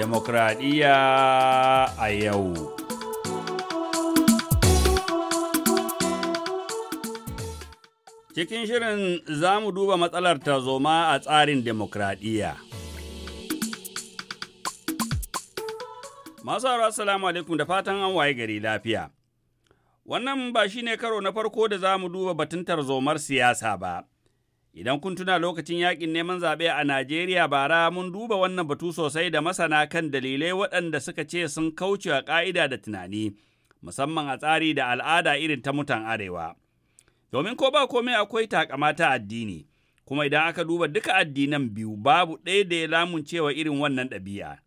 demokradiyya a yau. Cikin shirin za mu duba matsalar tarzoma a tsarin demokradiyya. Masu haura assalamu alaikum da fatan an waye gari lafiya. Wannan ba shi ne karo na farko da za mu duba batun tarzomar siyasa ba. Idan kun tuna lokacin yakin neman zaɓe a Najeriya bara mun duba wannan batu sosai da masana kan dalilai waɗanda suka ce sun kauce wa ƙa'ida da tunani, musamman a tsari da al'ada irin ta mutan Arewa. Domin ko ba komai akwai takama ta addini, kuma idan aka duba duka addinan biyu babu ɗaya da ya lamuncewa irin wannan ɗabi'a.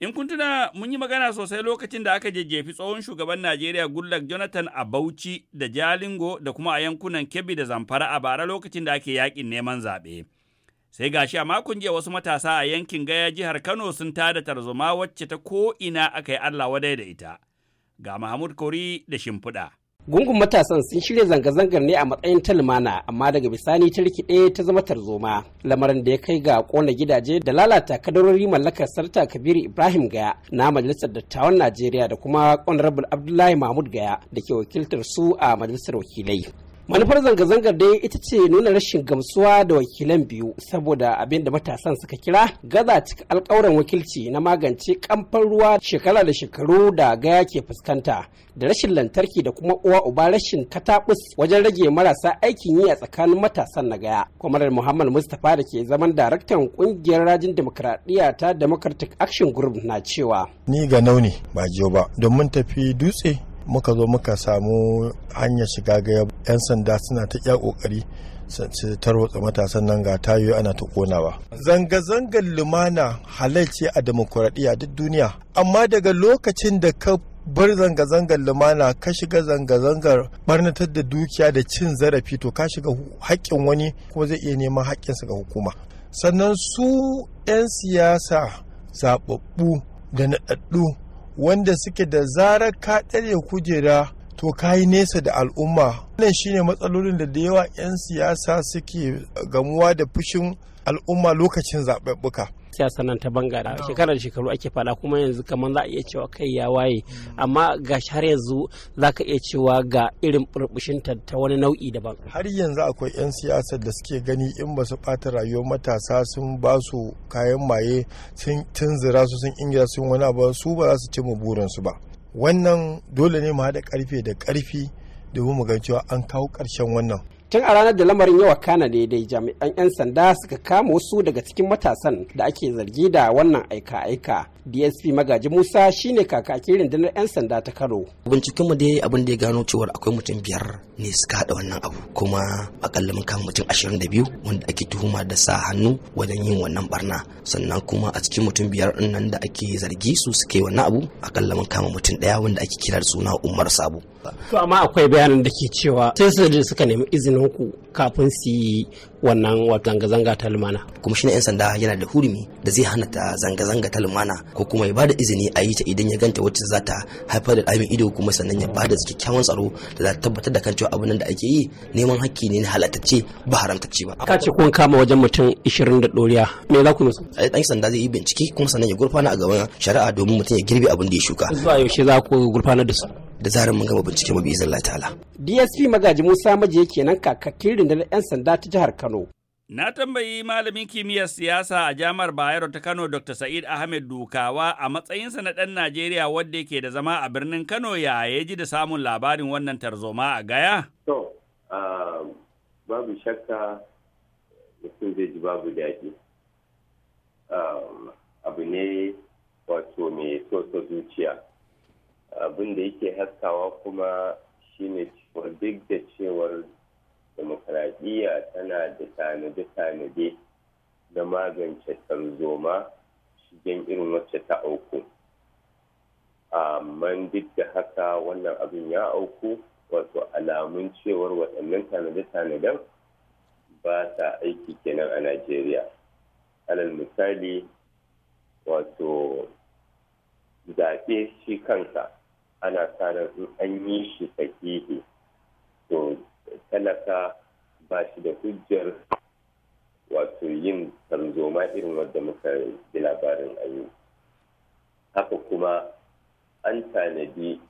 In kun tuna mun yi magana sosai lokacin da aka jejjefi tsohon shugaban Najeriya Goodluck Jonathan a Bauchi da Jalingo da kuma a yankunan Kebbi da Zamfara a bara lokacin da ake yakin neman zaɓe. Sai gashi a makon jiya wasu matasa a yankin Gaya jihar Kano sun tada tarzoma wacce ta ko ina aka yi Allah wadai da ita. Ga Mahmud Kori da Shimfiɗa. Gungun matasan sun shirya zanga-zangar ne a matsayin talmana amma daga bisani ta rikide ta zama tarzoma. Lamarin da ya kai ga kona gidaje da lalata kadarori mallakar sarta Kabiru Ibrahim Gaya na Majalisar Dattawan Najeriya da kuma Honorable Abdullahi Mahmud Gaya da ke wakiltar su a Majalisar Wakilai. manufar zanga-zangar dai ita ce nuna rashin gamsuwa da wakilan biyu saboda abin da matasan suka kira gaza cika alkawuran wakilci na magance kamfan ruwa shekara da shekaru da gaya ke fuskanta da rashin lantarki da kuma uwa uba rashin katabus wajen rage marasa aikin yi a tsakanin matasan na gaya kwamarar muhammad mustapha da ke zaman daraktan kungiyar rajin demokradiyya ta democratic action group na cewa ni ga nauni ba jiyo ba domin tafi dutse muka zo muka samu hanyar shiga ga 'yan sanda suna ta iya kokari su tarwatsa matasan nan ga tayoyi ana ta konawa zanga-zangar lumana halarci a demokuraɗiyya duk duniya amma daga lokacin da ka bar zanga-zangar lumana ka shiga zanga-zangar barnatar da dukiya da cin zarafi to ka shiga haƙƙin wani kuma zai iya neman haƙƙinsa ga hukuma sannan su 'yan siyasa zaɓaɓɓu da naɗaɗɗu wanda suke da zarar ka ɗare kujera to ka yi nesa da al'umma wannan shine matsalolin da da yawa 'yan siyasa suke gamuwa da fushin al'umma lokacin zaɓaɓɓuka siyasa nan ta banga shekarar shekaru ake fada kuma yanzu kamar za a iya cewa kai ya waye mm. amma ga har yanzu za ka iya cewa ga irin burbushinta ta wani nau'i daban har yanzu akwai 'yan siyasar da suke gani in ba su ɓata rayuwar matasa sun ba su kayan maye sun tunzura su sun ingila sun wani abu su ba za su ci mu su ba wannan dole ne mu haɗa ƙarfe da ƙarfi domin mu gan cewa an kawo ƙarshen wannan tun a ranar da lamarin yawa kana ne dai jami'an 'yan sanda suka kama wasu daga cikin matasan da ake zargi da wannan aika-aika dsp magaji musa shine kakakin rundunar 'yan sanda ta karo binciken dai abin da ya gano cewar akwai mutum biyar ne suka haɗa wannan abu kuma akalla mun kama mutum ashirin da biyu wanda ake tuhuma da sa hannu wajen yin wannan barna sannan kuma a cikin mutum biyar nan da ake zargi su suke wannan abu akalla mun kama mutum ɗaya wanda ake kira da suna umar sabo ƙasa. To amma akwai bayanan da ke cewa sai su suka nemi izinin ku kafin su yi wannan zanga-zanga ta lumana. Kuma shi ne 'yan sanda yana da hurumi da zai hana ta zanga-zanga ta lumana ko kuma ya bada izini a yi ta idan ya ganta wacce za ta haifar da ɗamin ido kuma sannan ya bada kyakkyawan tsaro da za ta tabbatar da kan cewa abin da ake yi neman hakki ne na halattacce ba haramtacce ba. Ka ce kun kama wajen mutum 20 da ɗoriya me za ku musu? Ɗan sanda zai yi bincike kuma sannan ya gurfana a gaban shari'a domin mutum ya girbe abin da ya shuka. Zuwa yaushe za ku gurfana da su? da zarar mun gama bincike mu bi izin ta'ala. DSP Magaji Musa Maji Maje nan kakakin rundunar 'yan sanda ta jihar Kano. Na tambayi malamin kimiyyar siyasa a jami'ar Bayero ta Kano Dr. Sa'id Ahmed Dukawa a matsayinsa na ɗan Najeriya wadda yake da zama a birnin Kano ya ya ji da samun labarin wannan tarzoma a gaya? To, babu shakka mutum zai ji babu daɗi. Abu ne wato mai sosa zuciya. abin da yake haskawa kuma shine cewar duk da cewar demokaradiyya tana da tanade-tanade na magance tarzoma shigen irin wacce ta auku amma duk da haka wannan abin ya auku wato alamun cewar waɗannan tanade-tanaden ba sa aiki kenan a najeriya alal misali wato zaɓe shi kansa ana tsara in an yi shi sahihi to talaka ba shi da hujjar wato yin tarzoma irin wadda muka yi labarin yi haka kuma an tanadi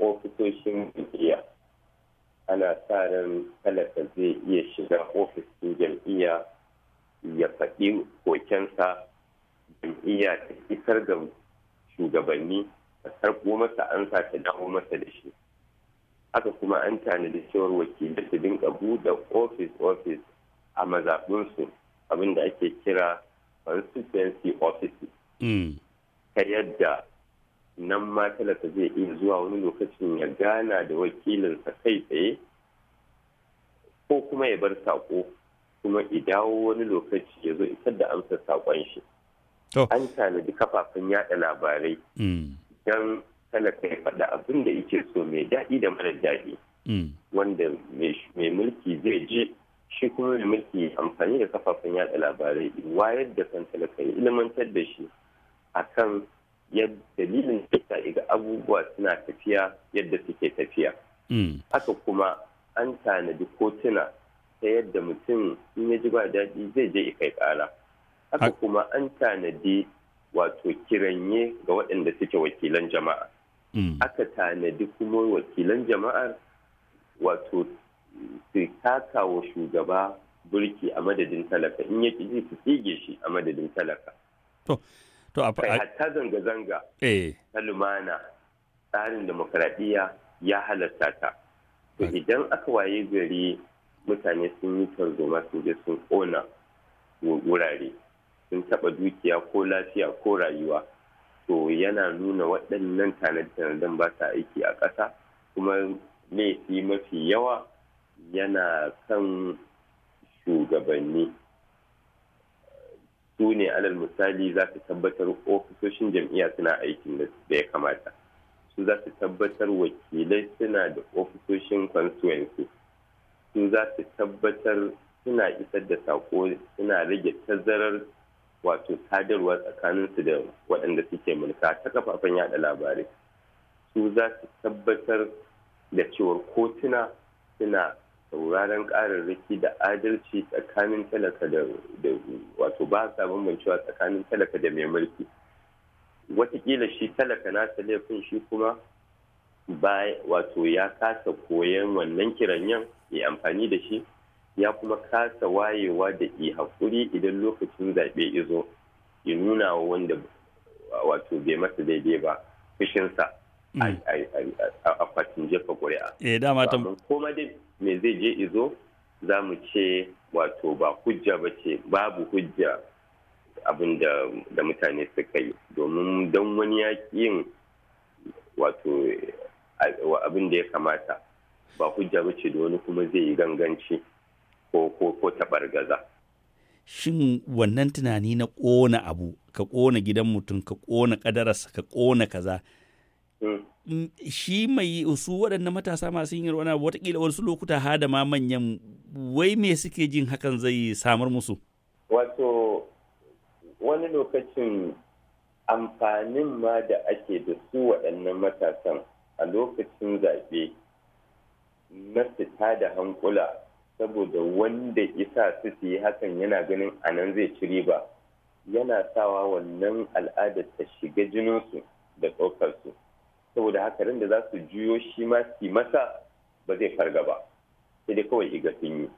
ofisoshin jam'iyya ana sa ran talaka zai iya shiga ofishin jam'iyya ya faɗi kokensa jam'iyya ta isar da shugabanni karko masa an sa ta dawo masa da shi haka kuma an tanadi cewar wakilai su dinka buɗe ofis ofis a mazaɓinsu abin da ake kira constituency offices mm. ta yadda nan ma talaka zai iya zuwa wani lokacin ya gana da wakilinsa kai tsaye ko kuma ya bar sako kuma dawo wani lokaci ya zo isar da amsa saƙon shi an tanadi kafafen yada labarai mm. don talaka faɗa abin da yake so mai daɗi da mara daɗi mm. wanda mai mulki zai je shi kuma mai mulki amfani da kafafen yada labarai wayar da kan talaka ya ilmantar da shi akan yadda dalilin da iga abubuwa suna tafiya yadda suke tafiya mm. haka kuma an tanadi kotuna ta yadda mutum in ya ji ba daɗi zai je kai ƙara haka kuma an tanadi wato kiranye ga waɗanda suke wakilan jama'a mm. aka tanadi kuma wakilan jama'ar wato su taka wa shugaba burki a madadin talaka in ya ji su tsige shi a madadin talaka to a hatta zanga-zanga eh. ta lumana tsarin demokaradiyya ya halarta ta to idan aka waye gari mutane sun yi tarzoma sun je sun ƙona wurare sun taba dukiya ko lafiya ko rayuwa to yana nuna waɗannan tanade-tanaden ba sa aiki a ƙasa kuma laifi mafi yawa yana kan shugabanni su ne alal misali za su tabbatar ofisoshin jam'iyya suna aikin da ya kamata su za su tabbatar wakilai suna da ofisoshin constituency su za su tabbatar suna isar da sako suna rage tazarar wato sadarwa tsakaninsu da waɗanda suke mulka ta kafafen yada labarai su za su tabbatar da cewar kotuna suna sauraron ƙararraki da adalci tsakanin talaka da wato ba sa bambancewa tsakanin talaka da mai mulki watakila shi talaka na ta laifin shi kuma ba wato ya kasa koyan wannan kiranyan ya amfani da shi ya kuma kasa wayewa da i haƙuri idan lokacin zaɓe izo ya nuna wa wanda wato bai masa daidai ba fushinsa mm. a kwatin jefa ƙuri'a. Eh dama ta koma dai me zai je izo za mu ce wato ba hujja ba ce babu hujja abin da mutane suka yi domin don wani yin wato abin da ya kamata ba hujja ba ce da wani kuma zai yi ganganci. ko ko ko gaza. Shin wannan tunani na ƙona abu, ka ƙona gidan mutum, ka ƙona ƙadararsa, ka ƙona kaza. Hmm. Mm, shi mai su waɗannan matasa masu yin wani abu watakila wasu lokuta ha da ma manyan wai me suke jin hakan zai samar musu? Wato wani lokacin amfanin ma da ake da su waɗannan matasan a lokacin zaɓe na fita da hankula saboda wanda isa su yi hakan yana ganin anan zai ci riba yana sawa wannan al'adar ta shiga jininsu da tsokarsu saboda haka da za su juyo shi ma su masa ba zai farga ba sai dai kawai iga sun yi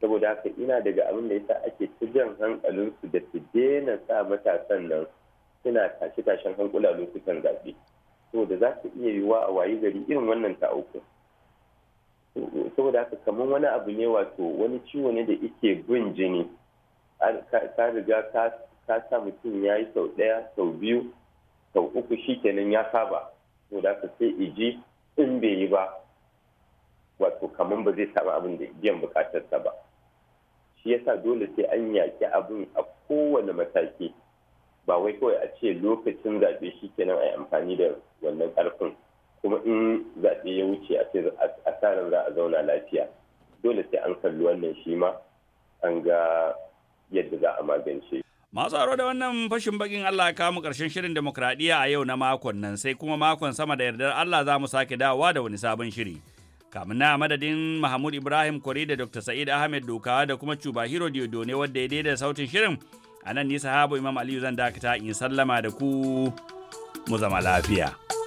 saboda haka ina daga abin da yasa ake ta jan hankalinsu da su daina sa matasan nan suna tashe-tashen hankula lokutan zaɓe saboda za su iya yiwuwa a wayi gari irin wannan ta uku saboda haka kamar wani abu ne wato wani ciwo ne da ike gun jini ka riga ka sa mutum ya yi sau ɗaya sau biyu sau uku shi kenan ya saba saboda haka sai iji in bai yi ba wato kamar ba zai samu abin da biyan bukatarsa ba shi yasa dole sai an yaƙi abin a kowane mataki ba wai kawai a ce lokacin zaɓe shi kenan a yi amfani da wannan ƙarfin kuma in zaɓe ya wuce a tsarin za a zauna lafiya dole sai an kalli wannan shi ma an ga yadda za a magance. Masu aro da wannan fashin bakin Allah ya mu ƙarshen shirin demokradiyya a yau na makon nan sai kuma makon sama da yardar Allah za mu sake dawowa da wani sabon shiri. Kamun na madadin Mahmud Ibrahim Kore da Dr. Sa'id Ahmed doka da kuma Cuba Hiro Diodone wadda ya daidai sautin shirin a nan ni sahabu Imam Aliyu zan dakata in sallama da ku mu zama lafiya.